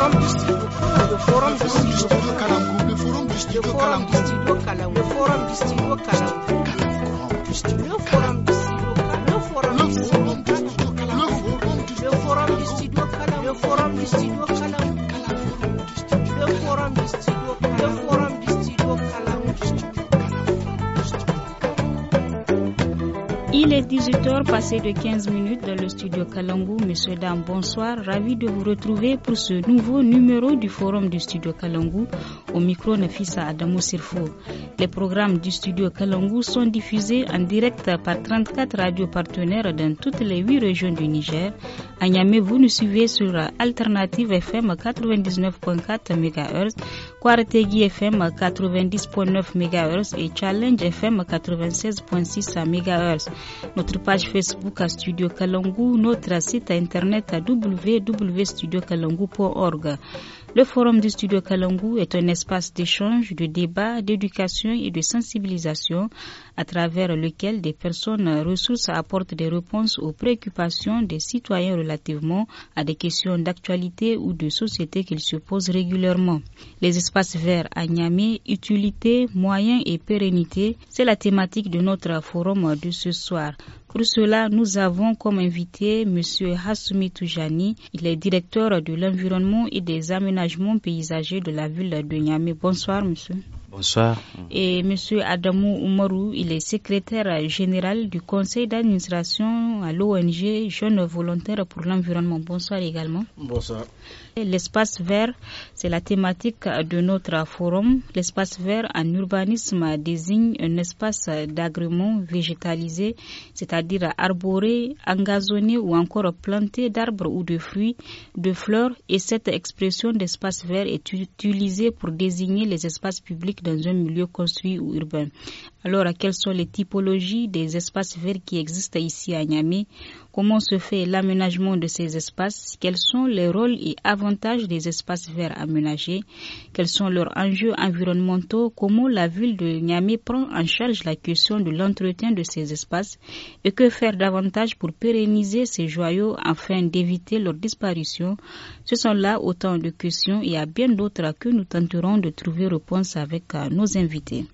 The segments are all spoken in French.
forum district the forum district the forum the forum the forum the forum Il est 18h passé de 15 minutes dans le studio Kalangou. Monsieur Dam, bonsoir. Ravi de vous retrouver pour ce nouveau numéro du forum du studio Kalangou. Au micro, Nafisa Adamo Sirfo. Les programmes du studio Kalangou sont diffusés en direct par 34 radios partenaires dans toutes les 8 régions du Niger. À Niamey, vous nous suivez sur Alternative FM 99.4 MHz, Quartegui FM 90.9 MHz et Challenge FM 96.6 MHz notre page Facebook à Studio Kalangu, notre site internet à www.studiokalangu.org. Le forum de Studio Kalangu est un espace d'échange, de débat, d'éducation et de sensibilisation à travers lequel des personnes ressources apportent des réponses aux préoccupations des citoyens relativement à des questions d'actualité ou de société qu'ils se posent régulièrement. Les espaces verts à Niamey, utilité, moyens et pérennité, c'est la thématique de notre forum de ce soir. Pour cela, nous avons comme invité M. Hassoumi Toujani. Il est directeur de l'environnement et des aménagements paysagers de la ville de Niamey. Bonsoir, monsieur. Bonsoir. Et M. Adamou Oumarou, il est secrétaire général du conseil d'administration à l'ONG Jeunes Volontaires pour l'Environnement. Bonsoir également. Bonsoir. L'espace vert, c'est la thématique de notre forum. L'espace vert en urbanisme désigne un espace d'agrément végétalisé, c'est-à-dire arboré, engazonné ou encore planté d'arbres ou de fruits, de fleurs. Et cette expression d'espace vert est utilisée pour désigner les espaces publics dans un milieu construit ou urbain. Alors, quelles sont les typologies des espaces verts qui existent ici à Niamey Comment se fait l'aménagement de ces espaces Quels sont les rôles et avantages des espaces verts aménagés Quels sont leurs enjeux environnementaux Comment la ville de Niamey prend en charge la question de l'entretien de ces espaces Et que faire davantage pour pérenniser ces joyaux afin d'éviter leur disparition Ce sont là autant de questions et à bien d'autres que nous tenterons de trouver réponse avec euh, nos invités.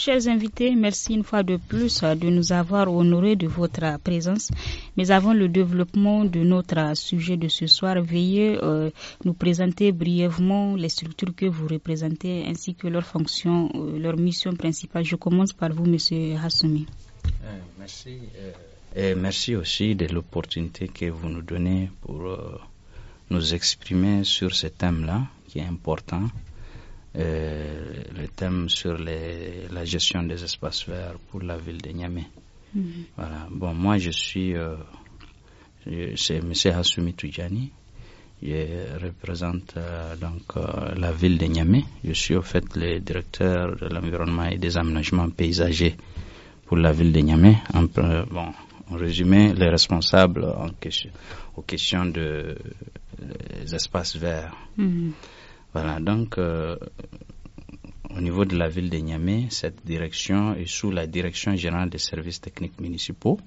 Chers invités, merci une fois de plus de nous avoir honorés de votre présence. Mais avant le développement de notre sujet de ce soir, veuillez euh, nous présenter brièvement les structures que vous représentez ainsi que leurs fonctions, euh, leurs leur mission principale. Je commence par vous, Monsieur Hassoumi. Euh, merci. Et merci aussi de l'opportunité que vous nous donnez pour nous exprimer sur ce thème-là qui est important euh, le thème sur les, la gestion des espaces verts pour la ville de Niamey. Mhm. Voilà. Bon, moi, je suis. Euh, c'est M. Hassoumi Toujani. Je représente euh, donc euh, la ville de Niamey. Je suis au fait le directeur de l'environnement et des aménagements paysagers pour la ville de Niamey. En, bon, en résumé, les responsables en question, aux questions de, des espaces verts. Mhm. Voilà, donc euh, au niveau de la ville de Niamey, cette direction est sous la direction générale des services techniques municipaux.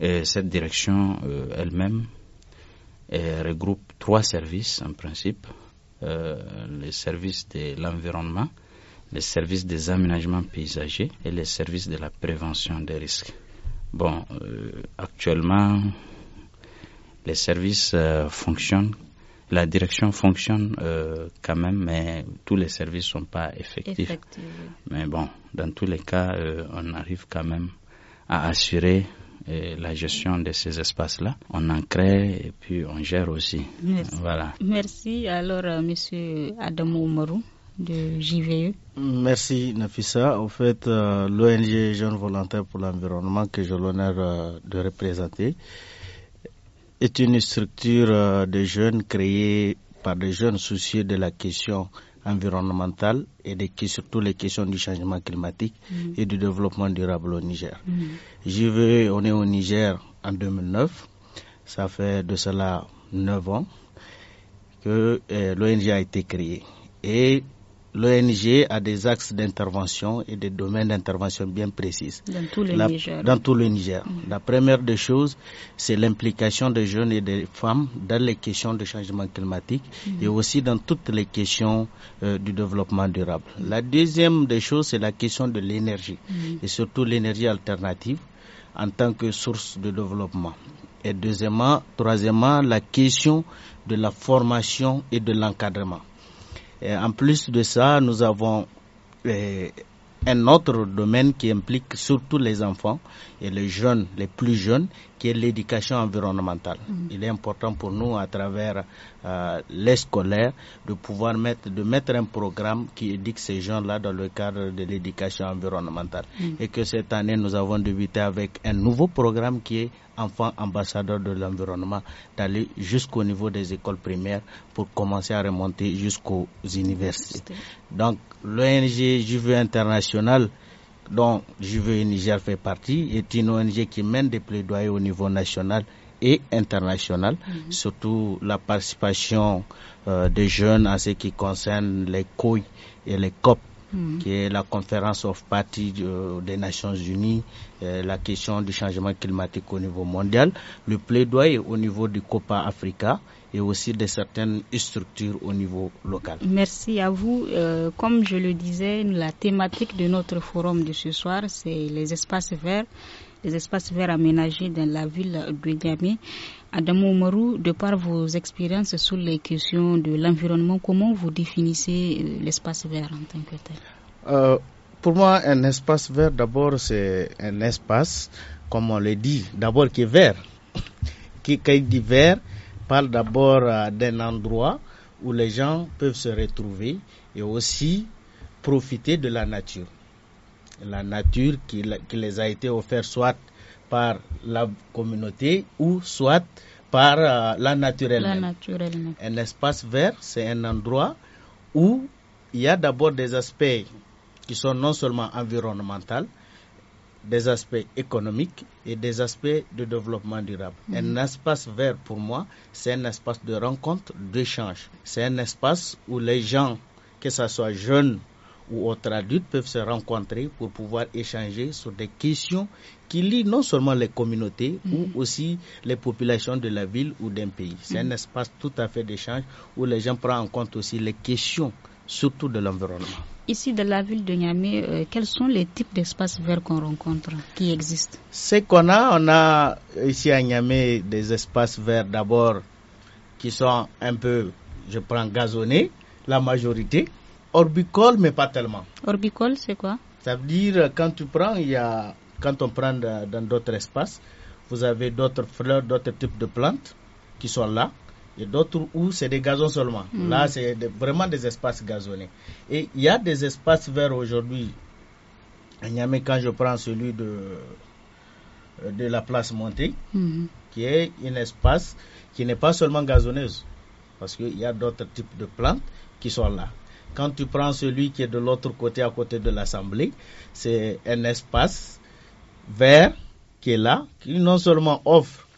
Et cette direction euh, elle-même regroupe trois services en principe. Euh, les services de l'environnement, les services des aménagements paysagers et les services de la prévention des risques. Bon, euh, actuellement, les services fonctionnent la direction fonctionne euh, quand même, mais tous les services ne sont pas effectifs. Mais bon, dans tous les cas, euh, on arrive quand même à assurer euh, la gestion de ces espaces-là. On en crée et puis on gère aussi. Merci. Voilà. Merci. Alors, euh, Monsieur Adamo de JVE. Merci, Nafissa. En fait, euh, l'ONG Jeunes Volontaires pour l'Environnement, que j'ai l'honneur de représenter, est une structure euh, de jeunes créée par des jeunes soucieux de la question environnementale et surtout les questions du changement climatique mm. et du développement durable au Niger. Mm. Je vais, on est au Niger en 2009, ça fait de cela 9 ans que euh, l'ONG a été créée. Et l'ONG a des axes d'intervention et des domaines d'intervention bien précis. Dans tout le Niger. Dans tout le Niger. Mm. La première des choses, c'est l'implication des jeunes et des femmes dans les questions de changement climatique mm. et aussi dans toutes les questions euh, du développement durable. Mm. La deuxième des choses, c'est la question de l'énergie et surtout l'énergie alternative en tant que source de développement. Et deuxièmement, troisièmement, la question de la formation et de l'encadrement en plus de ça, nous avons euh, un autre domaine qui implique surtout les enfants et les jeunes, les plus jeunes, qui est l'éducation environnementale. Mm-hmm. Il est important pour nous, à travers euh, les scolaires, de pouvoir mettre, de mettre un programme qui éduque ces gens-là dans le cadre de l'éducation environnementale. Mm-hmm. Et que cette année, nous avons débuté avec un nouveau programme qui est enfants ambassadeurs de l'environnement d'aller jusqu'au niveau des écoles primaires pour commencer à remonter jusqu'aux universités. Donc l'ONG Juve International dont Juve Niger fait partie est une ONG qui mène des plaidoyers au niveau national et international, mm-hmm. surtout la participation euh, des jeunes en ce qui concerne les couilles et les COP Mm-hmm. qui est la conférence of parties euh, des Nations Unies, euh, la question du changement climatique au niveau mondial, le plaidoyer au niveau du COPA Africa et aussi de certaines structures au niveau local. Merci à vous. Euh, comme je le disais, la thématique de notre forum de ce soir, c'est les espaces verts les espaces verts aménagés dans la ville de Niamey. Adam Marou, de par vos expériences sur les questions de l'environnement, comment vous définissez euh, l'espace vert en tant que tel euh, Pour moi, un espace vert, d'abord, c'est un espace, comme on le dit, d'abord qui est vert. Qui, quand il dit vert, parle d'abord euh, d'un endroit où les gens peuvent se retrouver et aussi profiter de la nature. La nature qui, qui les a été offerte soit par la communauté ou soit par euh, la naturelle. un espace vert, c'est un endroit où il y a d'abord des aspects qui sont non seulement environnementaux, des aspects économiques et des aspects de développement durable. Mhm. Un espace vert, pour moi, c'est un espace de rencontre, d'échange. C'est un espace où les gens, que ce soit jeunes ou autres adultes peuvent se rencontrer pour pouvoir échanger sur des questions qui lient non seulement les communautés mm-hmm. ou aussi les populations de la ville ou d'un pays. C'est un mm-hmm. espace tout à fait d'échange où les gens prennent en compte aussi les questions, surtout de l'environnement. Ici, de la ville de Niamey, euh, quels sont les types d'espaces verts qu'on rencontre, qui existent Ce qu'on a, on a ici à Niamey des espaces verts d'abord qui sont un peu, je prends, gazonnés, la majorité Orbicole, mais pas tellement. Orbicole, c'est quoi Ça veut dire quand tu prends, il y a, quand on prend euh, dans d'autres espaces, vous avez d'autres fleurs, d'autres types de plantes qui sont là, et d'autres où c'est des gazons seulement. Hmm. Là, c'est vraiment des espaces gazonnés. Et il y a des espaces verts aujourd'hui. et Niamey, quand je prends celui de, euh, de la place Montée, hmm. qui est un espace qui n'est pas seulement gazonneuse, parce qu'il y a d'autres types de plantes qui sont là. Quand tu prends celui qui est de l'autre côté, à côté de l'Assemblée, c'est un espace vert qui est là, qui non seulement offre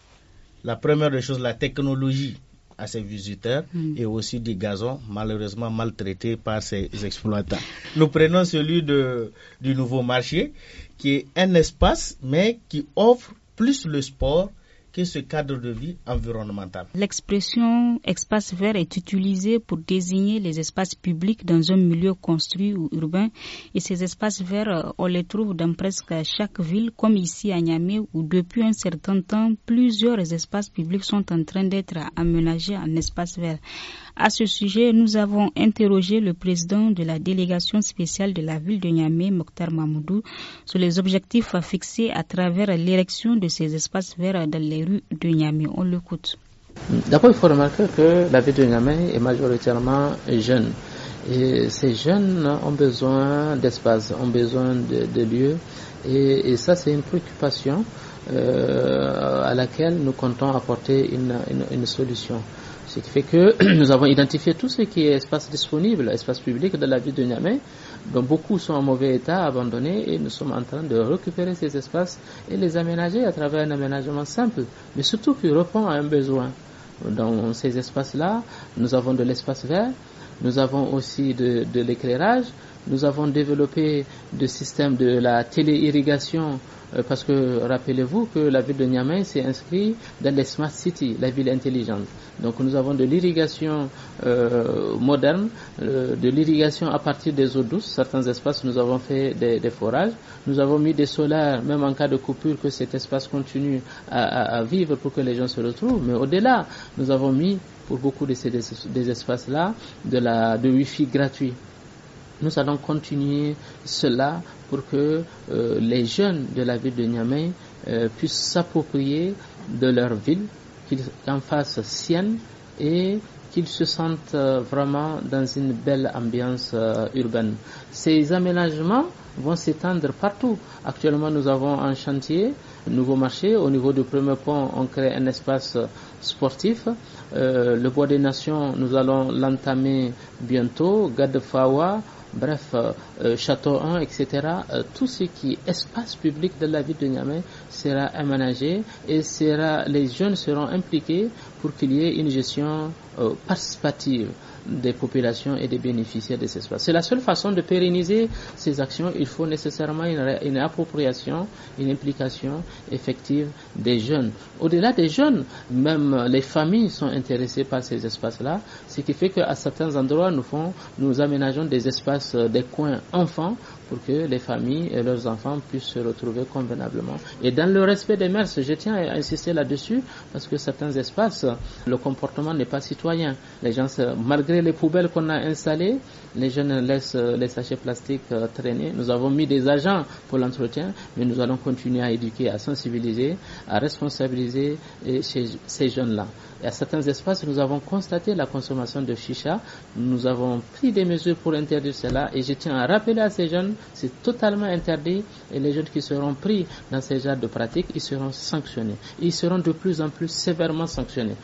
la première des choses, la technologie à ses visiteurs mm. et aussi des gazons malheureusement maltraités par ses exploitants. Nous prenons celui du nouveau marché qui est un espace mais qui offre plus le sport que ce cadre de vie environnemental. L'expression espace vert est utilisée pour désigner les espaces publics dans un milieu construit ou urbain et ces espaces verts, euh, on les trouve dans presque chaque ville comme ici à Niamey où depuis un certain temps, plusieurs espaces publics sont en train d'être aménagés en espaces verts. À ce sujet, nous avons interrogé le président de la délégation spéciale de la ville de Niamey, Mokhtar Mahmoudou, sur les objectifs à fixer à travers l'érection de ces espaces verts dans les rues de Niamey. On l'écoute. D'abord, il faut remarquer que la ville de Niamey est majoritairement jeune. Et ces jeunes ont besoin d'espace, ont besoin de, lieux. Et, ça, c'est une préoccupation euh, à laquelle nous comptons apporter une solution. Ce qui fait que nous avons identifié tout ce qui est espace disponible, espace public de la ville de Niamey, dont beaucoup sont en mauvais état, abandonnés, et nous sommes en train de récupérer ces espaces et les aménager à travers un aménagement simple, mais surtout qui répond à un besoin. Dans ces espaces-là, nous avons de l'espace vert, nous avons aussi de, l'éclairage, nous avons développé des systèmes de la télé-irrigation euh, parce que rappelez-vous que la ville de Niamey s'est inscrite dans les smart cities, la ville intelligente. Donc nous avons de l'irrigation euh, moderne, euh, de l'irrigation à partir des eaux douces. Certains espaces, nous avons fait des, forages. Nous avons mis des solaires, même en cas de coupure, que cet espace continue à, à vivre pour que les gens se retrouvent. Mais au-delà, nous avons mis pour beaucoup de ces des espaces-là de, la, de wifi gratuit. Nous allons continuer cela pour que euh, les jeunes de la ville de Niamey euh, puissent s'approprier de leur ville, qu'ils en fassent sienne et qu'ils se sentent euh, vraiment dans une belle ambiance urbaine. Ces aménagements vont s'étendre partout. Actuellement, nous avons un chantier, un nouveau marché. Au niveau du premier pont, on crée un espace sportif. Euh, le Bois des Nations, nous allons l'entamer bientôt. Gadefawa, bref, euh, euh, Château 1, etc. tout ce qui est espace public de la ville de Niamey sera aménagé et sera, les jeunes seront impliqués pour qu'il y ait une gestion participative des populations et des bénéficiaires de ces espaces. C'est la seule façon de pérenniser ces actions. Il faut nécessairement une, appropriation, une implication effective des jeunes. Au-delà des jeunes, même les familles sont intéressées par ces espaces-là, ce qui fait qu'à certains endroits, nous, font, nous aménageons des espaces, euh, des coins enfants pour que les familles et leurs enfants puissent se retrouver convenablement. Et dans le respect des mères, je tiens à insister là-dessus parce que certains espaces, le comportement n'est pas citoyen. Les gens, malgré malgré les poubelles qu'on a installées, les jeunes laissent euh, les sachets plastiques euh, traîner. Nous avons mis des agents pour l'entretien, mais nous allons continuer à éduquer, à sensibiliser, à responsabiliser ces jeunes-là. Et à certains espaces, nous avons constaté la consommation de chicha. Nous avons pris des mesures pour interdire cela. Et je tiens à rappeler à ces jeunes, c'est totalement interdit. Et les jeunes qui seront pris dans ces genres de pratiques, ils seront sanctionnés. Ils seront de plus en plus sévèrement sanctionnés.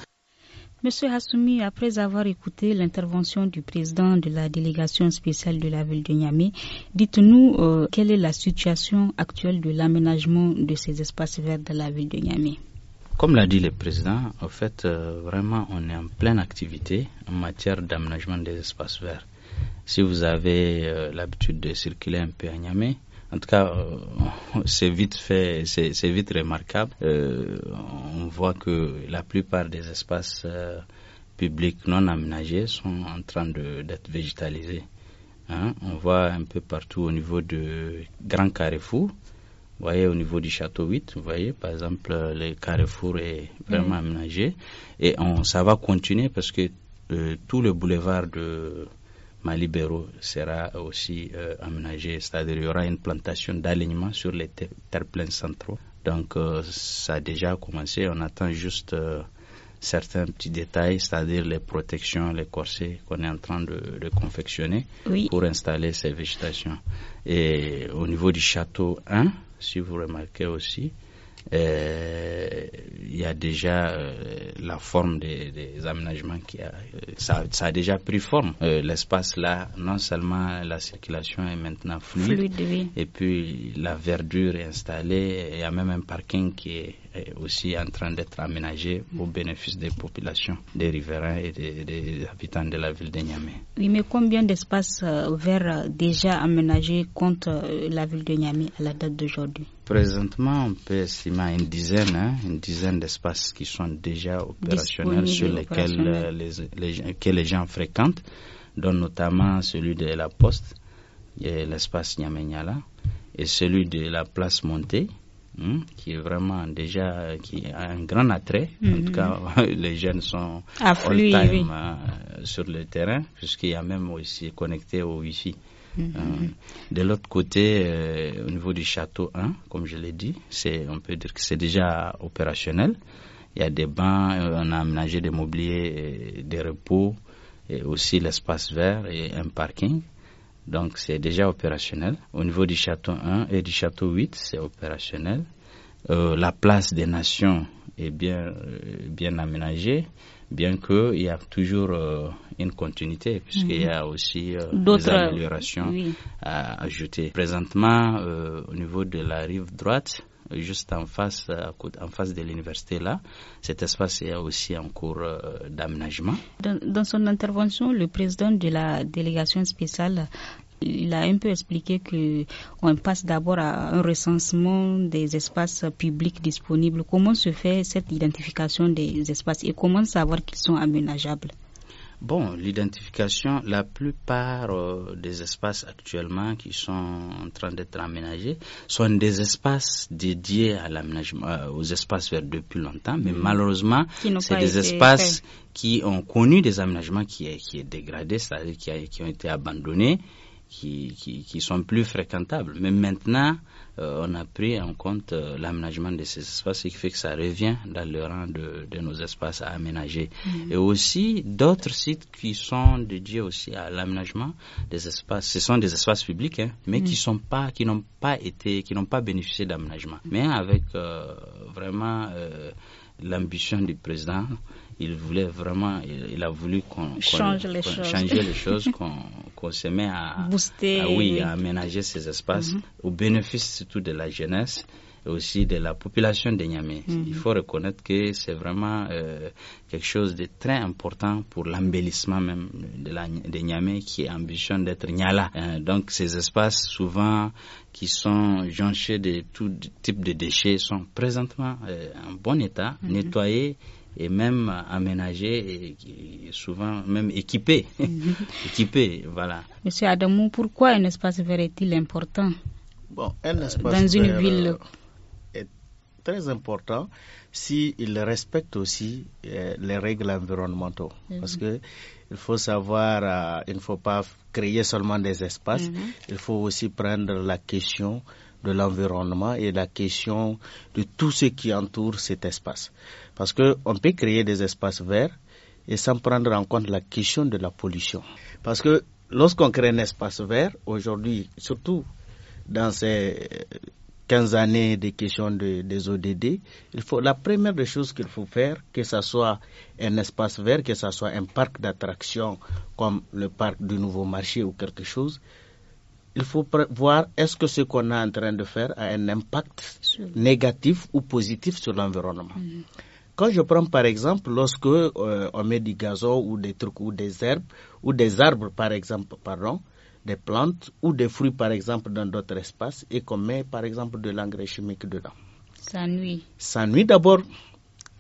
Monsieur Hassoumi, après avoir écouté l'intervention du président de la délégation spéciale de la ville de Niamey, dites-nous euh, quelle est la situation actuelle de l'aménagement de ces espaces verts de la ville de Niamey. Comme l'a dit le président, en fait, euh, vraiment, on est en pleine activité en matière d'aménagement des espaces verts. Si vous avez euh, l'habitude de circuler un peu à Niamey, en tout cas, euh, c'est vite fait, c'est vite remarquable. Euh, on voit que la plupart des espaces euh, publics non aménagés sont en train d'être végétalisés. Hein. On voit un peu partout au niveau de Grand Carrefour, vous voyez, au niveau du château 8, vous voyez, par exemple, le carrefour est vraiment mm. aménagé. Et on, ça va continuer parce que tout le boulevard de Malibéro sera aussi euh, aménagé, c'est-à-dire il y aura une plantation d'alignement sur les terres pleines centraux. Donc euh, ça a déjà commencé, on attend juste euh, certains petits détails, c'est-à-dire les protections, les corsets qu'on est en train de, confectionner pour installer ces végétations. Et au niveau du château 1, si vous remarquez aussi, euh, il y a déjà euh, la forme des, aménagements qui a, euh, ça, a déjà pris forme. L'espace là, non seulement la circulation est maintenant fluide, et puis la verdure est installée. Il y a même un parking qui est est aussi en train d'être aménagé au bénéfice des populations, des riverains et des, habitants de la ville de Niamey. Oui, mais combien d'espaces euh, verts euh, déjà aménagés compte euh, la ville de Niamey à la date d'aujourd'hui Présentement, on peut estimer une dizaine, hein, une dizaine d'espaces qui sont déjà opérationnels sur lesquels les, que les gens fréquentent, dont notamment celui de la Poste, l'espace Niamey-Niala, et celui de la place Montée Hmm? qui est vraiment déjà qui a un grand attrait. En tout cas, mhm. les jeunes sont all time euh, sur le terrain, puisqu'il y a même aussi connecté au Wi-Fi. Mhm, euh, mhm. de l'autre côté, euh, au niveau du château 1, comme je l'ai dit, on peut dire que c'est déjà opérationnel. Il y a des bancs, on a aménagé des mobiliers, des repos, et aussi l'espace vert et un parking. Donc c'est déjà opérationnel. Au niveau du château 1 et du château 8, c'est opérationnel. Euh, la place des nations est bien, euh, bien aménagée, bien qu'il y a toujours euh, une continuité, puisqu'il y a mhm. aussi euh, d'autres des améliorations à ajouter. Présentement, au niveau de la rive droite, juste en face, de l'université là. Cet espace est aussi en cours euh, d'aménagement. Dans, son intervention, le président de la délégation spéciale il a un peu expliqué que on passe d'abord à un recensement des espaces publics disponibles. Comment se fait cette identification des espaces et comment savoir qu'ils sont aménageables Bon, l'identification, la plupart euh, des espaces actuellement qui sont en train d'être aménagés sont des espaces dédiés à l'aménagement, euh, aux espaces verts depuis longtemps, mais mhm. malheureusement, c'est des espaces qui ont connu des aménagements qui, qui est dégradés, c'est-à-dire qui, ont été abandonnés qui, qui, qui, sont plus fréquentables. Mais maintenant, euh, on a pris en compte euh, l'aménagement de ces espaces, ce qui fait que ça revient dans le rang de, de nos espaces à aménager. Mm-hmm. Et aussi d'autres sites qui sont dédiés aussi à l'aménagement des espaces. Ce sont des espaces publics, hein, mais qui mm-hmm. sont pas, qui n'ont pas été, qui n'ont pas bénéficié d'aménagement. Mais avec euh, vraiment l'ambition du président il voulait vraiment, il, a voulu qu'on change les choses, changer les choses, qu'on se met à booster, oui, à aménager ces espaces mhm. au bénéfice surtout de la jeunesse et aussi de la population de Niamey. Mhm. Il faut reconnaître que c'est vraiment euh, quelque chose de très important pour l'embellissement même de, la, de Niamey qui ambitionne d'être Niala. Euh, donc ces espaces souvent qui sont jonchés de tout type de déchets sont présentement euh, en bon état, mhm. nettoyés et même aménagé et souvent même équipé. Mhm. équipé, voilà. Monsieur Adamou, pourquoi un espace vert est-il important bon, un euh, espace dans une ville euh, est très important s'il respecte aussi euh, les règles environnementales. Mhm. Parce que il faut savoir, il ne faut pas créer seulement des espaces, mhm. il faut aussi prendre la question de l'environnement et la question de tout ce qui entoure cet espace. Parce qu'on peut créer des espaces verts et sans prendre en compte la question de la pollution. Parce que lorsqu'on crée un espace vert, aujourd'hui, surtout dans ces 15 années des questions des ODD, il faut, la première des choses qu'il faut faire, que ce soit un espace vert, que ce soit un parc d'attraction comme le parc du Nouveau Marché ou quelque chose, il faut voir est-ce que ce qu'on est en train de faire a un impact négatif ou positif sur l'environnement. Mhm. Quand je prends par exemple lorsque euh, on met du gazon ou des trucs ou des herbes ou des arbres par exemple, pardon, des plantes ou des fruits par exemple dans d'autres espaces et qu'on met par exemple de l'engrais chimique dedans. Ça nuit. Ça nuit d'abord,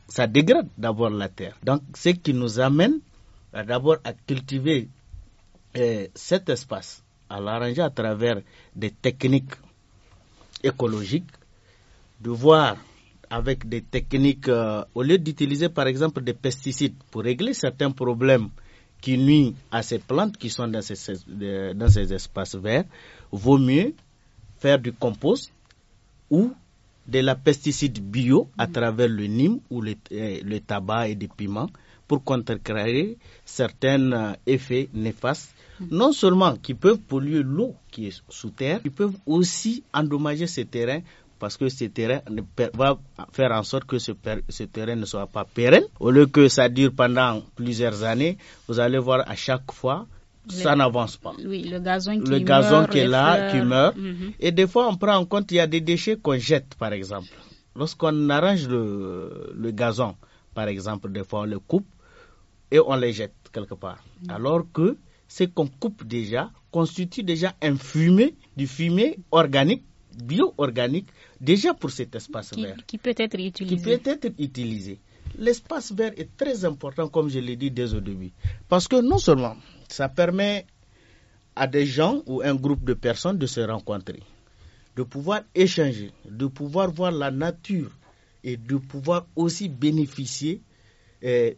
ça dégrade d'abord la terre. Donc ce qui nous amène d'abord à cultiver euh, cet espace à l'arranger à travers des techniques écologiques, de voir avec des techniques, euh, au lieu d'utiliser par exemple des pesticides pour régler certains problèmes qui nuisent à ces plantes qui sont dans ces, euh, dans ces espaces verts, vaut mieux faire du compost ou de la pesticide bio à mmh. travers le nîmes ou euh, le tabac et des piments pour contrecarrer certains euh, effets néfastes, non seulement qui peuvent polluer l'eau qui est sous terre, ils peuvent aussi endommager ces terrains parce que ce terrain va faire en sorte que ce, terrain ne soit pas pérenne. Au lieu que ça dure pendant plusieurs années, vous allez voir à chaque fois, ça n'avance pas. Oui, le gazon qui, le gazon qui est là, qui meurt. Mhm. Et des fois, on prend en compte, il y a des déchets qu'on jette, par exemple. Lorsqu'on arrange le, le gazon, par exemple, des fois on le coupe, et on les jette quelque part. Mm. Alors que ce qu'on coupe déjà constitue déjà un fumet, du fumet organique, bio-organique, déjà pour cet espace vert. Qui peut être utilisé. Qui peut être utilisé. L'espace vert est très important, comme je l'ai dit dès au début. Parce que non seulement ça permet à des gens ou un groupe de personnes de se rencontrer, de pouvoir échanger, de pouvoir voir la nature et de pouvoir aussi bénéficier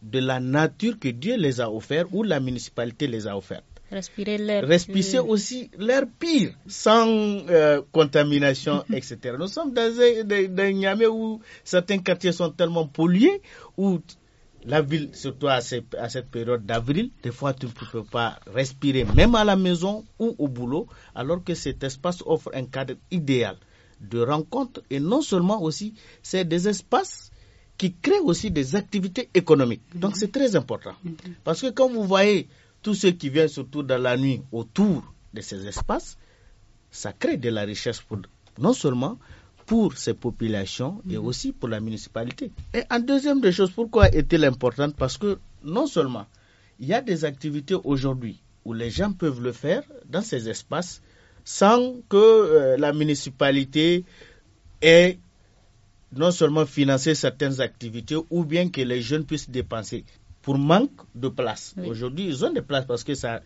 de la nature que Dieu les a offert ou la municipalité les a offertes. Respirer l'air Respirer aussi l'air pire, sans euh, contamination, etc. Nous sommes dans un, yamé où certains quartiers sont tellement pollués, où la ville, surtout à cette période d'avril, des fois tu ne peux pas respirer, même à la maison ou au boulot, alors que cet espace offre un cadre idéal de rencontre et non seulement aussi, c'est des espaces qui crée aussi des activités économiques. Donc c'est très important. Parce que quand vous voyez tous ceux qui viennent surtout dans la nuit autour de ces espaces, ça crée de la richesse non seulement pour ces populations et mhm. aussi pour la municipalité. Et en deuxième des choses, pourquoi est-elle importante Parce que non seulement il y a des activités aujourd'hui où les gens peuvent le faire dans ces espaces sans que euh, la municipalité ait non seulement financer certaines activités ou bien que les jeunes puissent dépenser pour manque de place. Aujourd'hui, ils ont des places parce que ça,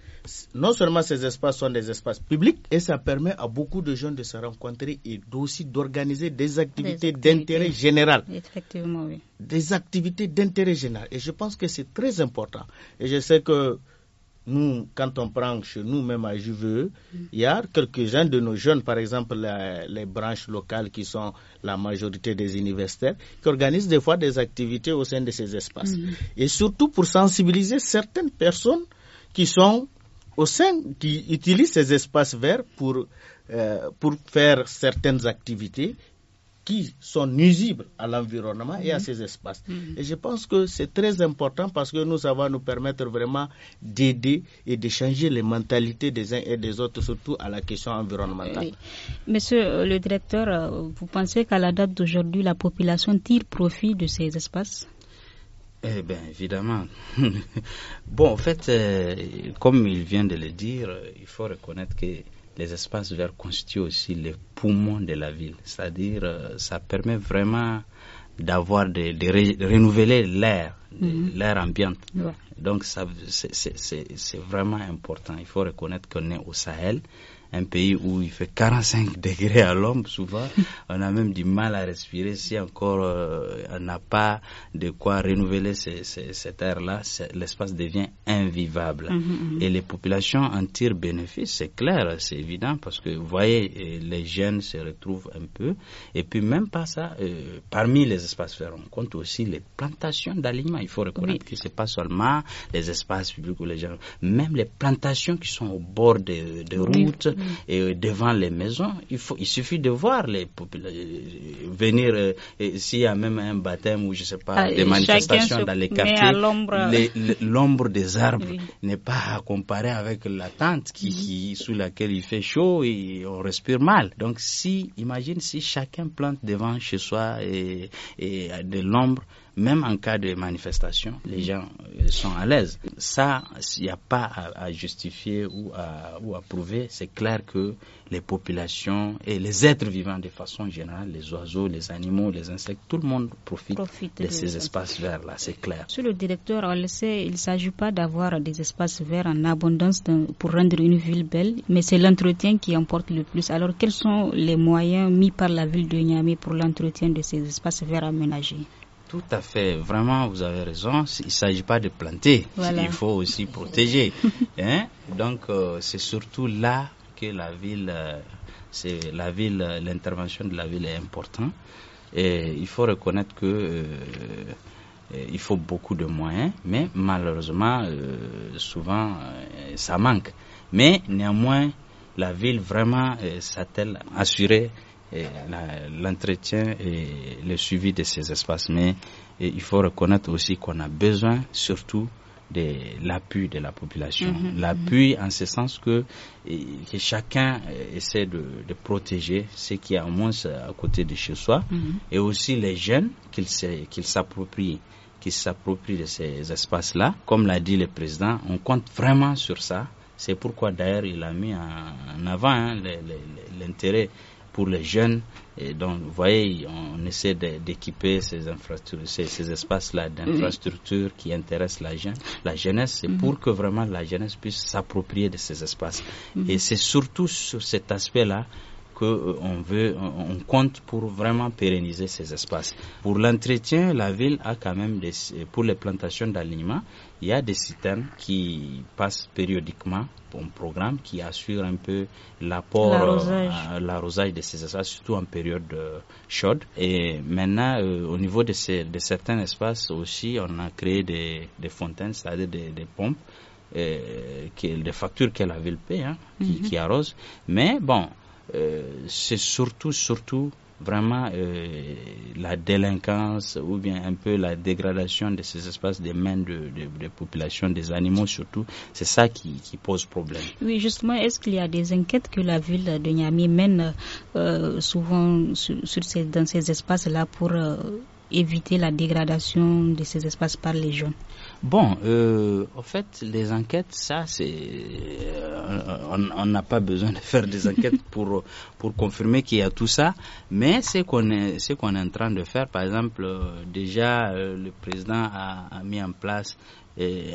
non seulement ces espaces sont des espaces publics, et ça permet à beaucoup de jeunes de se rencontrer et aussi d'organiser des activités d'intérêt général. Effectivement, oui. Des activités d'intérêt général. Et je pense que c'est très important. Et je sais que nous, quand on prend chez nous, même à Juveux, il y a quelques-uns de nos jeunes, par exemple les branches locales qui sont la majorité des universitaires, qui organisent des fois des activités au sein de ces espaces. Mm-hmm. Et surtout pour sensibiliser certaines personnes qui sont au sein, qui utilisent ces espaces verts pour, euh, pour faire certaines activités qui sont nuisibles à l'environnement et à mhm. ces espaces. Mhm. Et je pense que c'est très important parce que nous, ça va nous permettre vraiment d'aider et de changer les mentalités des uns et des autres, surtout à la question environnementale. Monsieur euh, le directeur, euh, vous pensez qu'à la date d'aujourd'hui, la population tire profit de ces espaces eh bien, évidemment. bon, en fait, euh, comme il vient de le dire, il faut reconnaître que les espaces verts constituent aussi les poumons de la ville. C'est-à-dire, euh, ça permet vraiment d'avoir de, renouveler l'air, mhm. l'air ambiant. Donc, ça, c'est vraiment important. Il faut reconnaître qu'on est au Sahel un pays où il fait 45 degrés à l'ombre souvent, on a même du mal à respirer si encore euh, on n'a pas de quoi renouveler ces, cette air-là, l'espace devient invivable. Mhm, mhm. Et les populations en tirent bénéfice, c'est clair, c'est évident, parce que vous voyez, euh, les jeunes se retrouvent un peu, et puis même pas ça, euh, parmi les espaces verts, on compte aussi les plantations d'aliments. Il faut reconnaître que ce n'est pas seulement les espaces publics ou les gens, même les plantations qui sont au bord des de routes, et euh, devant les maisons. Il, faut, il suffit de voir les populations euh, euh, venir, s'il y a même un baptême ou je sais pas, ah, des manifestations dans les quartiers, l'ombre des arbres n'est pas à comparer avec la tente mhm. qui, sous laquelle il fait chaud et on respire mal. Donc si, imagine si chacun plante devant chez soi de l'ombre, même en cas de manifestation, les mm. gens euh, sont à l'aise. Ça, il n'y a pas à, justifier ou à, prouver. C'est clair que les populations et les êtres vivants de façon générale, les oiseaux, les animaux, les insectes, tout le monde profite, de, ces espaces verts-là, c'est clair. Sur le directeur, on le il ne s'agit pas d'avoir des espaces verts en abondance pour rendre une ville belle, mais c'est l'entretien qui importe le plus. Alors, quels sont les moyens mis par la ville de Niamey pour l'entretien de ces espaces verts aménagés tout à fait, vraiment, vous avez raison. Il ne s'agit pas de planter, il faut aussi protéger. Hein. Donc, euh, c'est surtout là que la ville, euh, c'est la ville, euh, l'intervention de la ville est importante. Et il faut reconnaître que il faut beaucoup de moyens, mais malheureusement, souvent, ça manque. Mais néanmoins, la ville vraiment s'attelle à assurer l'entretien et le suivi de ces espaces. Mais il faut reconnaître aussi qu'on a besoin surtout de l'appui de la population. Mhm. Mhm. l'appui en ce sens que, que chacun euh, essaie de, protéger ce qui est en moins à côté de chez soi mhm. et aussi les jeunes qu'ils s'approprient qui s'approprient de ces espaces-là. Comme l'a dit le président, on compte vraiment sur ça. C'est pourquoi d'ailleurs il a mis en avant hein, l'intérêt pour les jeunes. Et donc, voyez, on essaie d'équiper ces ces, espaces-là d'infrastructures qui intéressent la, jeunesse, c'est pour que vraiment la jeunesse puisse s'approprier de ces espaces. Et mhm. c'est surtout sur cet aspect-là euh, on veut, euh, on compte pour vraiment pérenniser ces espaces. Pour l'entretien, la ville a quand même des, euh, pour les plantations d'alignement, il y a des citernes qui passent périodiquement un programme qui assure un peu l'apport, l'arrosage euh, de ces espaces, surtout en période chaude. Et maintenant, au niveau de, ces, de certains espaces aussi, on a créé des, fontaines, c'est-à-dire des, pompes qui, des factures que la ville paie, hein, mhm. qui, arrosent. arrose. Mais bon, euh, c'est surtout, surtout vraiment euh, la délinquance ou bien un peu la dégradation de ces espaces des mains de, de, de des animaux surtout, c'est ça qui, qui, pose problème. Oui, justement, est-ce qu'il y a des enquêtes que la ville de Niamey mène euh, souvent sur, ces, dans ces espaces-là pour euh, éviter la dégradation de ces espaces par les jeunes Bon, euh, en fait, les enquêtes, ça, c'est, euh, on n'a pas besoin de faire des enquêtes pour confirmer qu'il y a tout ça. Mais ce qu'on est, en train de faire, par exemple, euh, déjà euh, le président a mis en place et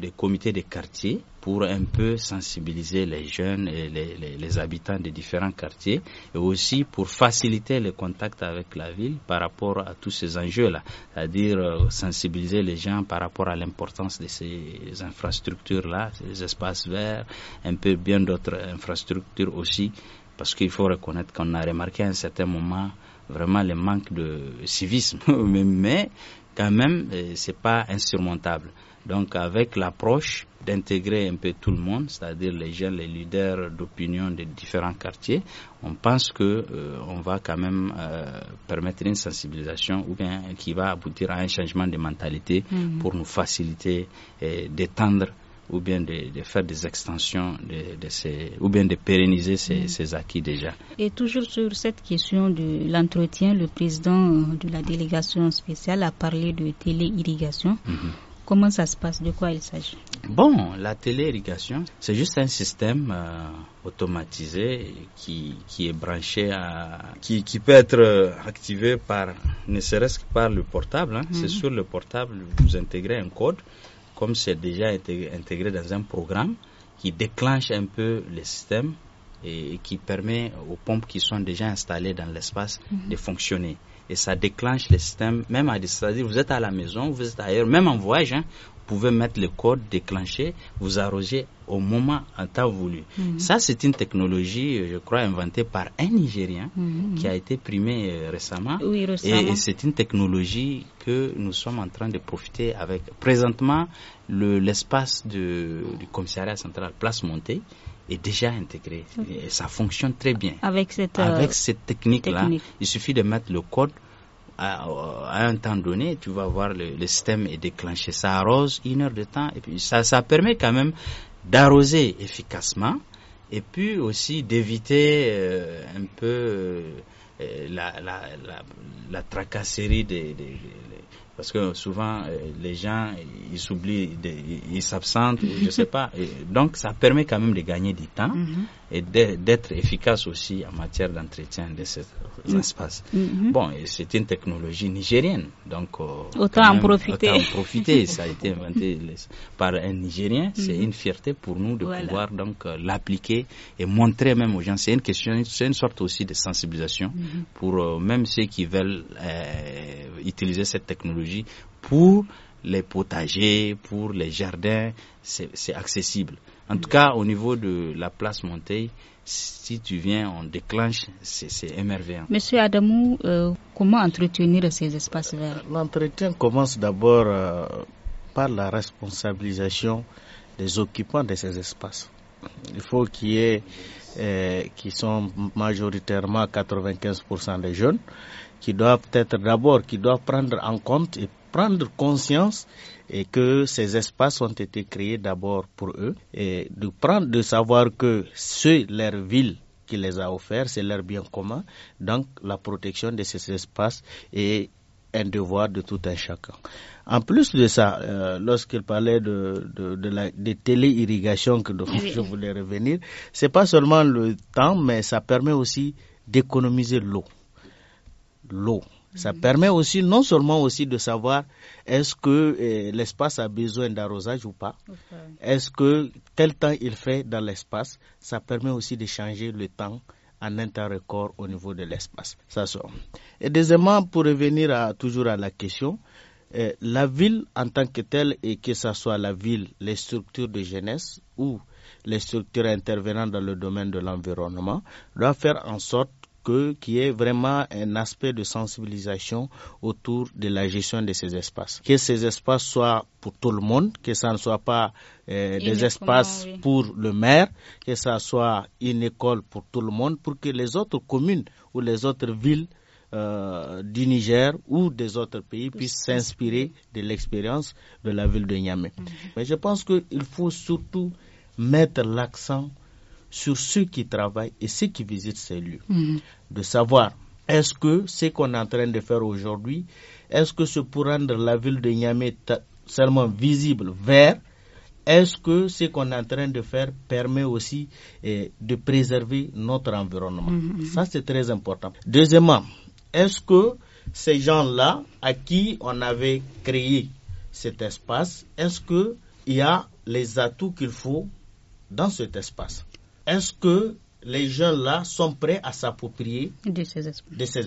les comités de quartier pour un peu sensibiliser les jeunes et les, habitants des différents quartiers et aussi pour faciliter les contacts avec la ville par rapport à tous ces enjeux-là, c'est-à-dire euh, sensibiliser les gens par rapport à l'importance de ces infrastructures-là, ces espaces verts, un peu bien d'autres infrastructures aussi, parce qu'il faut reconnaître qu'on a remarqué à un certain moment vraiment le manque de civisme, mais, mais quand même, euh, c'est pas insurmontable. Donc avec l'approche d'intégrer un peu tout le monde, c'est-à-dire les jeunes, les leaders d'opinion des différents quartiers, on pense que euh, on va quand même euh, permettre une sensibilisation ou bien qui va aboutir à un changement de mentalité mhm. pour nous faciliter et d'étendre ou bien de, faire des extensions de, ces, ou bien de pérenniser mhm. ces, acquis déjà. Et toujours sur cette question de l'entretien, le président de la délégation spéciale a parlé de téléirrigation. Mhm. Comment ça se passe De quoi il s'agit Bon, la téléirrigation, c'est juste un système euh, automatisé qui, est branché à. Qui, peut être euh, activé par. ne serait-ce que par le portable. Hein. C'est mhm. sur le portable, vous intégrez un code, comme c'est déjà intégré, dans un programme qui déclenche un peu le système et qui permet aux pompes qui sont déjà installées dans l'espace mhm. de fonctionner et ça déclenche le système, même à distance. vous êtes à la maison, vous êtes ailleurs, même en voyage, hein, vous pouvez mettre le code, déclencher, vous arroger au moment, en temps voulu. Mhm. Ça, c'est une technologie, euh, je crois, inventée par un Nigérien mhm. qui a été primé euh, récemment. Et, c'est une technologie que nous sommes en train de profiter avec. Présentement, l'espace du commissariat central Place Montée est déjà intégré. Et ça fonctionne très bien. Avec cette, euh, Avec cette technique-là, il suffit de mettre le code à, un temps donné, tu vas voir le, le, système est déclenché. Ça arrose une heure de temps et puis ça, ça permet quand même d'arroser efficacement et puis aussi d'éviter euh, un peu euh, la, la, la, tracasserie des parce que souvent, euh, les gens, ils s'oublient, ils s'absentent, je sais pas. donc, ça permet quand même de gagner du temps. Mm-hmm et d'être efficace aussi en matière d'entretien de cet mm. espace. Mm-hmm. Bon, c'est une technologie nigérienne, donc euh, autant, en profiter. autant en profiter. Ça a été inventé par un Nigérien. C'est mm-hmm. une fierté pour nous de pouvoir donc euh, l'appliquer et montrer même aux gens. C'est une question, c'est une sorte aussi de sensibilisation mm-hmm. pour euh, même ceux qui veulent utiliser cette technologie pour les potagers, pour les jardins, c'est accessible. En tout cas, au niveau de la place Monteil, si tu viens, on déclenche, c'est émerveillant. Monsieur Adamou, euh, comment entretenir ces espaces verts L'entretien commence d'abord euh, par la responsabilisation des occupants de ces espaces. Il faut qu'il y ait, euh, qui sont majoritairement 95% des jeunes, qui doivent être d'abord, qui doivent prendre en compte prendre conscience et que ces espaces ont été créés d'abord pour eux et de prendre de savoir que c'est leur ville qui les a offert c'est leur bien commun. Donc la protection de ces espaces est un devoir de tout un chacun. En plus de ça, euh, lorsqu'il parlait de, de, la de télé-irrigation que je voulais revenir, c'est pas seulement le temps, mais ça permet aussi d'économiser l'eau. L'eau. Ça permet aussi, non seulement aussi de savoir est-ce que eh, l'espace a besoin d'arrosage ou pas, est-ce que quel temps il fait dans l'espace, ça permet aussi de changer le temps en inter record au niveau de l'espace. Et deuxièmement, pour revenir toujours à la question, eh, la ville en tant que telle, et que ce soit la ville, les structures de jeunesse ou les structures intervenant dans le domaine de l'environnement, doit faire en sorte que qui est vraiment un aspect de sensibilisation autour de la gestion de ces espaces. Que ces espaces soient pour tout le monde, que ça ne soit pas euh, des espaces pour le maire, que ça soit une école pour tout le monde, pour que les autres communes ou les autres villes euh, du Niger ou des autres pays puissent s'inspirer de l'expérience de la ville de Niamey. Mm-hmm. Mais je pense qu'il faut surtout mettre l'accent sur ceux qui travaillent et ceux qui visitent ces lieux. Mm. De savoir, est-ce que ce qu'on est en train de faire aujourd'hui, est-ce que ce pour rendre la ville de Niamey seulement visible vert est-ce que ce qu'on est en train de faire permet aussi eh, de préserver notre environnement mm, mm. Ça, c'est très important. Deuxièmement, est-ce que ces gens-là, à qui on avait créé cet espace, est-ce qu'il y a les atouts qu'il faut dans cet espace est-ce que les jeunes-là sont prêts à s'approprier de ces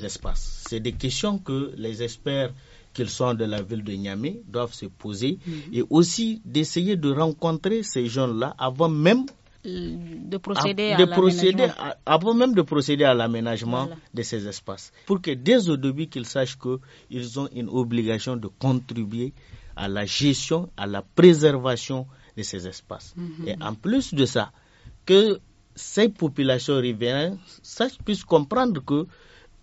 espaces C'est des questions que les experts qu'ils sont de la ville de Niamey doivent se poser mhm. et aussi d'essayer de rencontrer ces jeunes-là avant même de procéder, à, l'aménagement de ces espaces pour que dès au début qu'ils sachent qu'ils ont une obligation de contribuer à la gestion à la préservation de ces espaces mhm. et en plus de ça que ces populations riveraines puissent comprendre que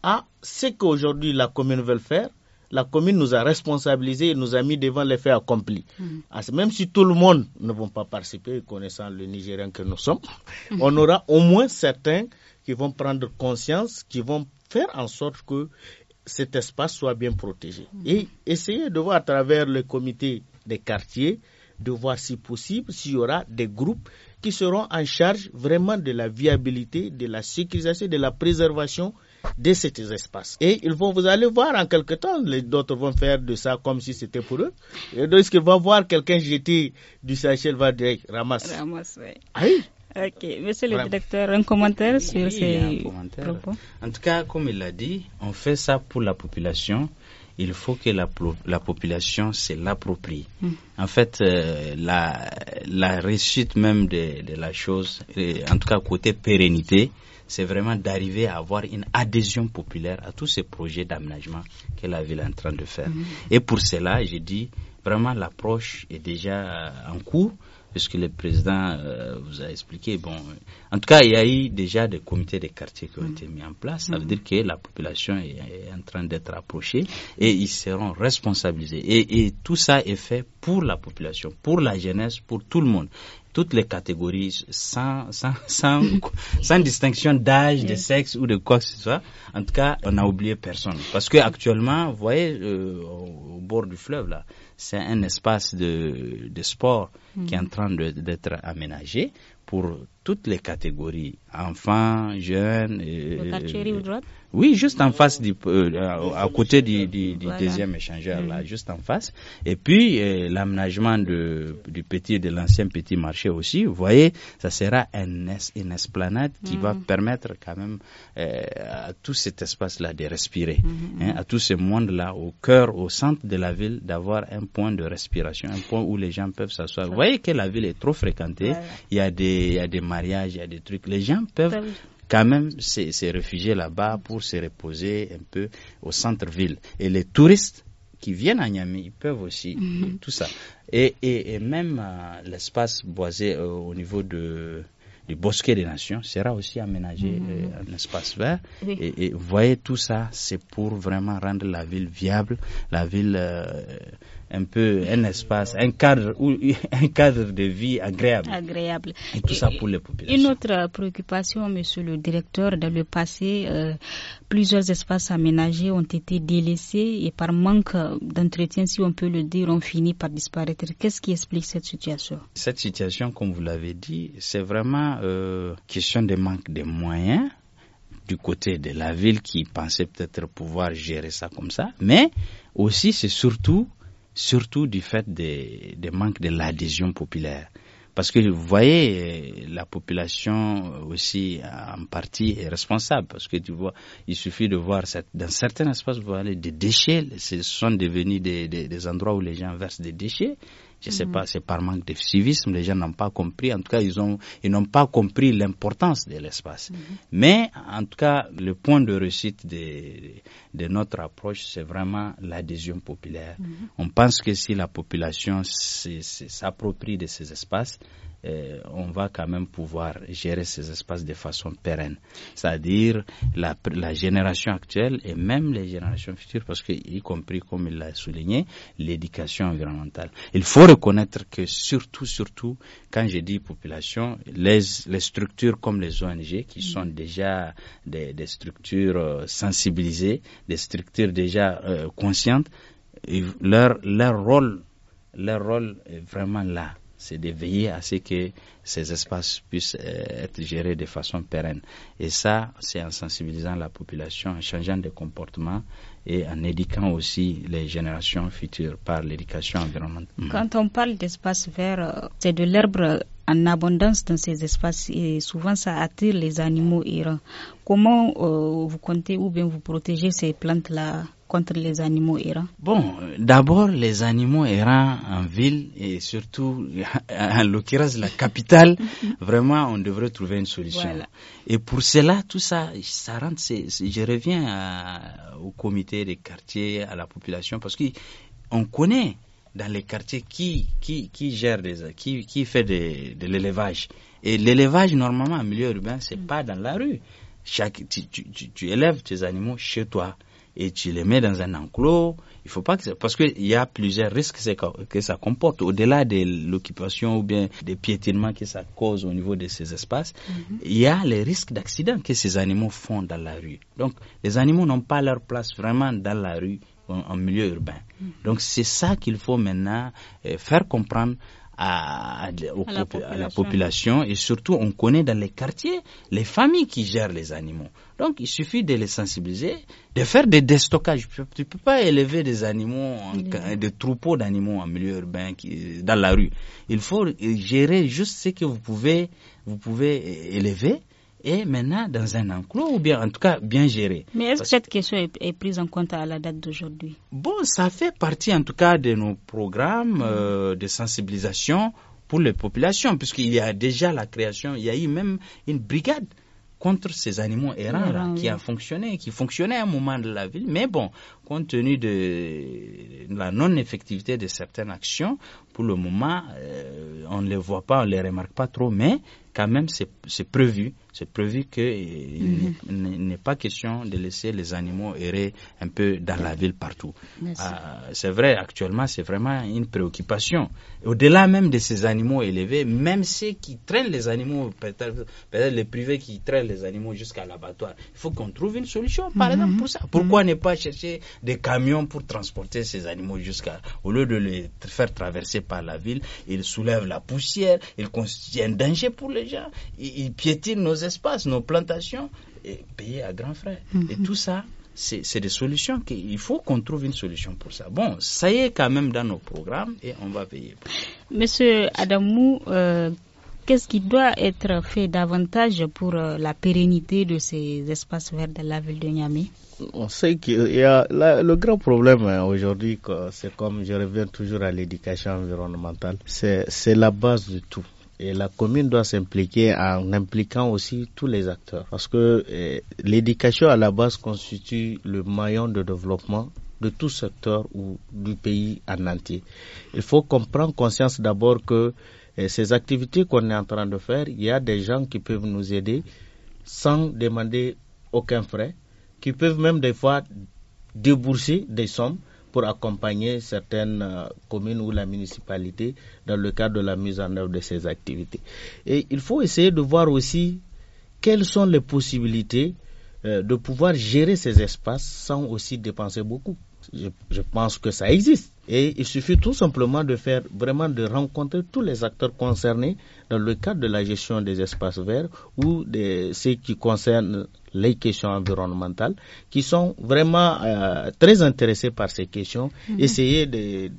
à ah, ce qu'aujourd'hui la commune veut faire, la commune nous a responsabilisés et nous a mis devant les faits accomplis. Mm. Ah, même si tout le monde ne va pas participer, connaissant le Nigérien que nous sommes, on aura au moins certains qui vont prendre conscience, qui vont faire en sorte que cet espace soit bien protégé. Mm. Et essayer de voir à travers le comité des quartiers, de voir si possible s'il y aura des groupes qui seront en charge vraiment de la viabilité, de la sécurisation, de la préservation de ces espaces. Et ils vont, vous allez voir en quelque temps, les d'autres vont faire de ça comme si c'était pour eux. Et donc, qu'ils vont voir quelqu'un jeter du sachet, va dire, ramasse. Ramasse, ah oui. Ah Ok, monsieur le directeur, un commentaire sur ces propos En tout cas, comme il l'a dit, on fait ça pour la population il faut que la, la population se l'approprie. Hmm. En fait, euh, la, la, réussite même de, de la chose, en tout cas côté pérennité, c'est vraiment d'arriver à avoir une adhésion populaire à tous ces projets d'aménagement que la ville est en train de faire. Hmm. Et pour cela, j'ai dit, vraiment l'approche est déjà en cours puisque le président euh, vous a expliqué. Bon, en tout cas, il y a eu déjà des comités de quartier qui ont mm. été mis en place. Ça veut mm. dire que la population est, en train d'être approchée et ils seront responsabilisés. et, tout ça est fait pour la population, pour la jeunesse, pour tout le monde toutes les catégories, sans, sans, sans, distinction d'âge, de sexe ou de quoi que ce soit. En tout cas, on n'a oublié personne. Parce que actuellement, vous voyez, euh, au bord du fleuve, là, c'est un espace de, de sport qui est mm. en train d'être aménagé pour toutes les catégories, enfants, jeunes. Oui, juste en face, du, euh, à côté du, deuxième échangeur, là, mhm. juste en face. Et puis, euh, l'aménagement du petit, de l'ancien petit marché aussi, vous voyez, ça sera un une esplanade qui va mhm. permettre quand même euh, à tout cet espace-là de respirer, mhm, hein, à tout ce monde-là, au cœur, au centre de la ville, d'avoir un point de respiration, un point où les gens peuvent s'asseoir. Vous voyez que la ville est trop fréquentée, il y a des, il y a des il y a des trucs. Les gens peuvent quand même se, réfugier là-bas pour se reposer un peu au centre-ville. Et les touristes qui viennent à Niamey, ils peuvent aussi, mhm. tout ça. Et, et, même euh, l'espace boisé euh, au niveau de, du bosquet des nations sera aussi aménagé mhm. en euh, un espace vert. Et, et, voyez, tout ça, c'est pour vraiment rendre la ville viable, la ville un peu un espace, un cadre, un cadre de vie agréable. Agréable. Et tout ça pour les populations. Une autre préoccupation, monsieur le directeur, dans le passé, euh, plusieurs espaces aménagés ont été délaissés et par manque d'entretien, si on peut le dire, ont fini par disparaître. Qu'est-ce qui explique cette situation Cette situation, comme vous l'avez dit, c'est vraiment euh, question de manque de moyens du côté de la ville qui pensait peut-être pouvoir gérer ça comme ça, mais aussi c'est surtout surtout du fait des, manques de l'adhésion populaire. Parce que vous voyez, euh, la population euh, aussi en partie est responsable. Parce que tu vois, il suffit de voir dans certains espaces, vous voyez, des déchets, ce sont devenus des, des endroits où les gens versent des déchets. Je ne sais mhm. pas, c'est par manque de civisme, les gens n'ont pas compris. En tout cas, ils ont, ils n'ont pas compris l'importance de l'espace. Mhm. Mais, en tout cas, le point de réussite de, de notre approche, c'est vraiment l'adhésion populaire. Mhm. On pense que si la population s'approprie de ces espaces, euh, on va quand même pouvoir gérer ces espaces de façon pérenne. C'est-à-dire la, la, génération actuelle et même les générations futures, parce que y compris, comme il l'a souligné, l'éducation environnementale. Il faut reconnaître que surtout, surtout, quand je dis population, les, les structures comme les ONG, qui mm. sont déjà des, des structures euh, sensibilisées, des structures déjà euh, conscientes, leur, leur rôle, leur rôle est vraiment là c'est de veiller à ce que ces espaces puissent euh, être gérés de façon pérenne. Et ça, c'est en sensibilisant la population, en changeant de comportement et en éduquant aussi les générations futures par l'éducation environnementale. Quand on parle d'espace vert, euh, c'est de l'herbe en abondance dans ces espaces et souvent ça attire les animaux errants. Comment euh, vous comptez ou bien vous protégez ces plantes-là contre les animaux errants Bon, euh, d'abord, les animaux errants en ville et surtout, à l'occurrence, la capitale, vraiment, on devrait trouver une solution. Voilà. Et pour cela, tout ça, ça rentre. je reviens au comité des quartiers, à la population, parce qu'on connaît dans les quartiers qui, qui, qui gère des, qui, qui fait de, l'élevage. Et l'élevage, normalement, en milieu urbain, c'est n'est mm. pas dans la rue. Chaque, tu, élèves tes animaux chez toi et tu les mets dans un enclos. Il faut pas que parce qu'il y a plusieurs risques que ça comporte au-delà de l'occupation ou bien des piétinements que ça cause au niveau de ces espaces. Mhm. Il y a les risques d'accidents que ces animaux font dans la rue. Donc les animaux n'ont pas leur place vraiment dans la rue en, milieu urbain. Mhm. Donc c'est ça qu'il faut maintenant euh, faire comprendre à, la population et surtout on connaît dans les quartiers les familles qui gèrent les animaux. Donc il suffit de les sensibiliser, de faire des déstockages. Tu ne peux, pas élever des animaux, des troupeaux d'animaux en milieu urbain, dans la rue. Il faut gérer juste ce que vous pouvez, vous pouvez élever est maintenant dans un enclos ou bien en tout cas bien géré. Mais est-ce que cette question est, prise en compte à la date d'aujourd'hui Bon, ça fait partie en tout cas de nos programmes mm. euh, de sensibilisation pour les populations, puisqu'il y a déjà la création, il y a eu même une brigade contre ces animaux errants qui a fonctionné, qui fonctionnait à un moment de la ville. Mais bon, compte tenu de la non-effectivité de certaines actions, pour le moment, euh, on ne les voit pas, on ne les remarque pas trop, mais même, c'est prévu. C'est prévu qu'il il euh, mhm. n'est pas question de laisser les animaux errer un peu dans la ville partout. Ah, c'est vrai, actuellement, c'est vraiment une préoccupation. Au-delà même de ces animaux élevés, même ceux qui traînent les animaux, peut-être les privés qui traînent les animaux jusqu'à l'abattoir, il faut qu'on trouve une solution, par exemple, pour mhm. ça. Pourquoi mhm. ne pas chercher des camions pour transporter ces animaux jusqu'à. Au lieu de les faire traverser par la ville, ils soulèvent la poussière, ils constituent un danger pour les ils, piétinent nos espaces, nos plantations, et payer à grands frais. Et mhm. tout ça, c'est des solutions il faut qu'on trouve une solution pour ça. Bon, ça y est quand même dans nos programmes et on va payer. Monsieur Adamou, euh, qu'est-ce qui doit être fait davantage pour euh, la pérennité de ces espaces verts de la ville de Niamey On sait qu'il y a le grand problème hein, aujourd'hui, c'est comme je reviens toujours à l'éducation environnementale, c'est la base de tout. Et la commune doit s'impliquer en impliquant aussi tous les acteurs. Parce que eh, l'éducation à la base constitue le maillon de développement de tout secteur ou du pays en entier. Il faut qu'on prenne conscience d'abord que eh, ces activités qu'on est en train de faire, il y a des gens qui peuvent nous aider sans demander aucun frais, qui peuvent même des fois débourser des sommes pour accompagner certaines euh, communes ou la municipalité dans le cadre de la mise en œuvre de ces activités. Et il faut essayer de voir aussi quelles sont les possibilités euh, de pouvoir gérer ces espaces sans aussi dépenser beaucoup. Je, je, pense que ça existe. Et il suffit tout simplement de faire vraiment de rencontrer tous les acteurs concernés dans le cadre de la gestion des espaces verts ou de ce qui concerne les questions environnementales, qui sont vraiment euh, très intéressés par ces questions, mhm. essayer de,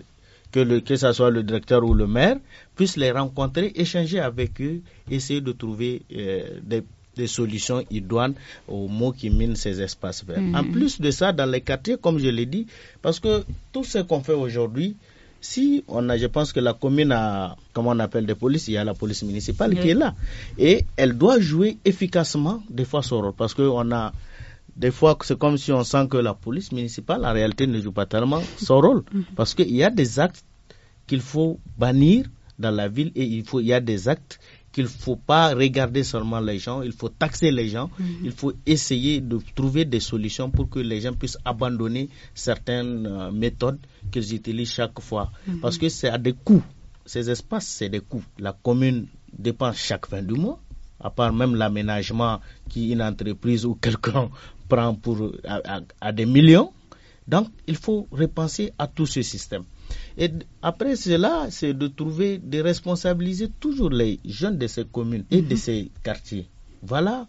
que, le, que ce soit le directeur ou le maire, puisse les rencontrer, échanger avec eux, essayer de trouver euh, des, des, solutions idoines aux mots qui minent ces espaces verts. Mhm. En plus de ça, dans les quartiers, comme je l'ai dit, parce que tout ce qu'on fait aujourd'hui, si on a, je pense que la commune a, comment on appelle des polices, il y a la police municipale qui est là. Et elle doit jouer efficacement des fois son rôle. Parce qu'on a, des fois, c'est comme si on sent que la police municipale, en réalité, ne joue pas tellement son rôle. Mhm. Parce qu'il y a des actes qu'il faut bannir dans la ville et il, faut, il y a des actes qu'il ne faut pas regarder seulement les gens, il faut taxer les gens, mm-hmm. il faut essayer de trouver des solutions pour que les gens puissent abandonner certaines euh, méthodes qu'ils utilisent chaque fois. Mm-hmm. Parce que c'est à des coûts. Ces espaces, c'est des coûts. La commune dépense chaque fin du mois, à part même l'aménagement qu'une entreprise ou quelqu'un prend pour, à des millions. Donc, il faut repenser à tout ce système. Et après cela, c'est de trouver, de responsabiliser toujours les jeunes de ces communes et de mhm. ces quartiers. Voilà.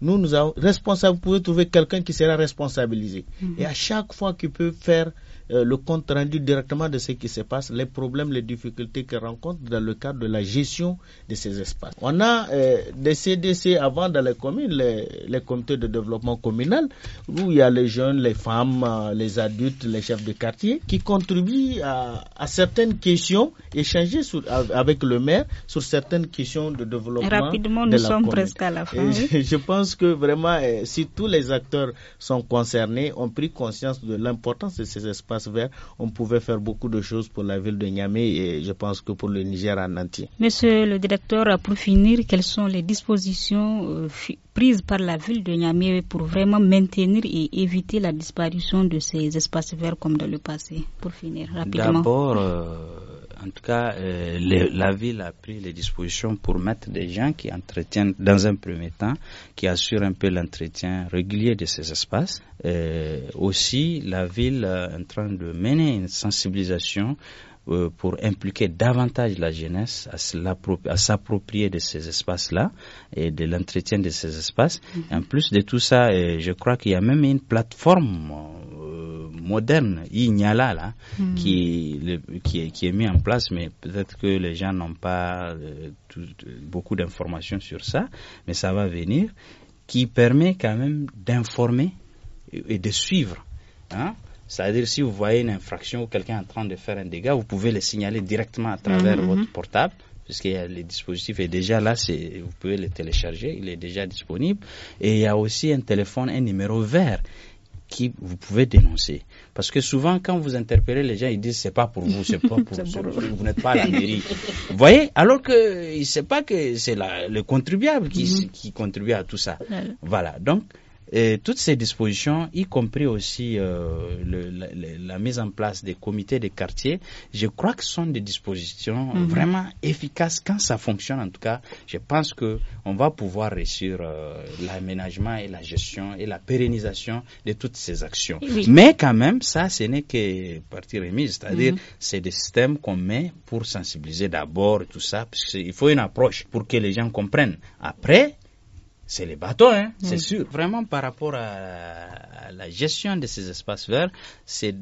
Nous, nous avons responsable. Vous pouvez trouver quelqu'un qui sera responsabilisé. Mhm. Et à chaque fois qu'il peut faire euh, le compte rendu directement de ce qui se passe, les problèmes, les difficultés qu'ils rencontrent dans le cadre de la gestion de ces espaces. On a euh, des CDC avant dans les communes, les, comités de développement communal, où il y a les jeunes, les femmes, euh, les adultes, les chefs de quartier, qui contribuent à, à certaines questions, échangées sur, avec le maire sur certaines questions de développement. Rapidement, nous sommes presque à la fin. Je, pense que vraiment, euh, si tous les acteurs sont concernés, ont pris conscience de l'importance de ces espaces, on pouvait faire beaucoup de choses pour la ville de Niamey et je pense que pour le Niger en entier. Monsieur le directeur, pour finir, quelles sont les dispositions euh, prises par la ville de Niamey pour vraiment maintenir et éviter la disparition de ces espaces verts comme dans le passé Pour finir, rapidement. D'abord, euh, en tout cas, euh, la ville a pris les dispositions pour mettre des gens qui entretiennent, dans un premier temps, qui assurent un peu l'entretien régulier de ces espaces. Euh, aussi, la ville est en train de mener une sensibilisation euh, pour impliquer davantage la jeunesse à, s'approprier de ces espaces-là et de l'entretien de ces espaces. Mm-hmm. En plus de tout ça, euh, je crois qu'il y a même une plateforme moderne, Ignala, là, hmm. qui, qui, est, qui, est, mis en place, mais peut-être que les gens n'ont pas euh, beaucoup d'informations sur ça, mais ça va venir, qui permet quand même d'informer et, de suivre. Hein. C'est-à-dire, si vous voyez une infraction ou quelqu'un en train de faire un dégât, vous pouvez le signaler directement à travers hmm. votre portable, puisque le dispositif est déjà là, vous pouvez le télécharger, il est déjà disponible. Et il y a aussi un téléphone, un numéro vert qui vous pouvez dénoncer. Parce que souvent, quand vous interpellez les gens, ils disent c'est pas pour vous, c'est pas pour vous, vous n'êtes pas à la mairie. vous voyez Alors que ne savent pas que c'est le contribuable qui, mm-hmm. qui, contribue à tout ça. voilà. Donc, et toutes ces dispositions, y compris aussi euh, le, la, la, mise en place des comités des quartiers, je crois que ce sont des dispositions mhm. vraiment efficaces quand ça fonctionne. En tout cas, je pense que on va pouvoir réussir euh, l'aménagement et la gestion et la pérennisation de toutes ces actions. Mais quand même, ça, ce n'est que partie remise, c'est-à-dire mhm. c'est des systèmes qu'on met pour sensibiliser d'abord tout ça, Il faut une approche pour que les gens comprennent. Après, c'est les bateaux, hein, c'est sûr. Vraiment, par rapport à, la gestion de ces espaces verts, c'est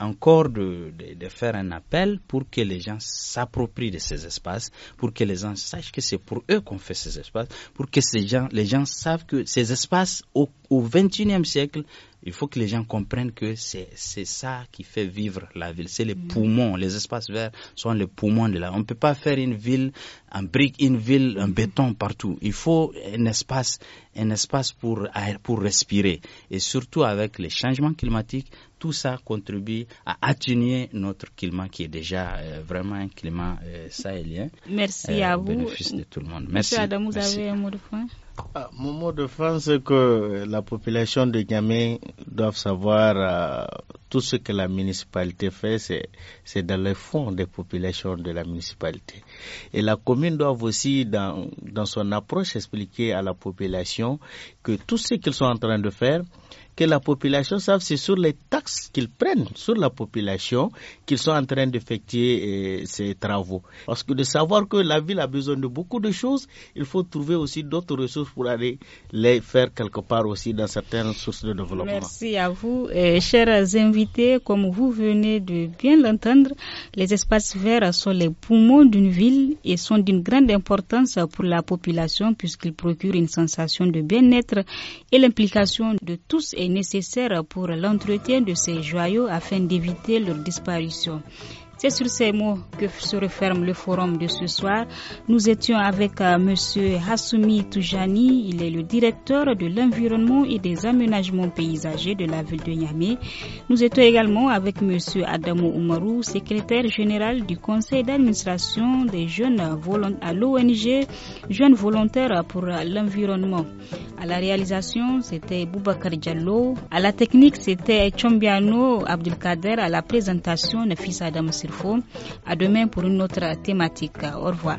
encore de, faire un appel pour que les gens s'approprient de ces espaces, pour que les gens sachent que c'est pour eux qu'on fait ces espaces, pour que ces gens, les gens savent que ces espaces, au, au 21e siècle, il faut que les gens comprennent que c'est ça qui fait vivre la ville. C'est les mm. poumons. Les espaces verts sont les poumons de la On ne peut pas faire une ville en brique, une ville en mm. béton partout. Il faut un espace, un espace pour, pour respirer. Et surtout avec les changements climatiques, tout ça contribue à atténuer notre climat qui est déjà euh, vraiment un climat euh, sahélien. Merci euh, à vous. Bénéfice de tout le monde. Merci. Adam, vous avez un mot de fin ah, mon mot de fin, c'est que la population de Niamey doit savoir euh, tout ce que la municipalité fait, c'est dans le fonds des populations de la municipalité. Et la commune doit aussi, dans son approche, expliquer à la population que tout ce qu'ils sont en train de faire, que la population sache c'est sur les taxes qu'ils prennent sur la population qu'ils sont en train d'effectuer euh, ces travaux. Parce que de savoir que la ville a besoin de beaucoup de choses, il faut trouver aussi d'autres ressources pour aller les faire quelque part aussi dans certaines sources de développement. Merci à vous, euh, chers invités. Comme vous venez de bien l'entendre, les espaces verts sont les poumons d'une ville et sont d'une grande importance pour la population puisqu'ils procurent une sensation de bien-être et l'implication de tous est nécessaire pour l'entretien de ces joyaux afin d'éviter leur disparition. C'est sur ces mots que se referme le forum de ce soir. Nous étions avec M. Euh, monsieur Hassoumi Toujani. Il est le directeur de l'environnement et des aménagements paysagers de la ville de Niamey. Nous étions également avec Monsieur Adamo Oumarou, secrétaire général du conseil d'administration des jeunes à l'ONG Jeunes volontaires pour l'environnement. À la réalisation, c'était Bouba Diallo. À la technique, c'était Chombiano Abdelkader. À la présentation, fils Adam à demain pour une autre thématique. Au revoir.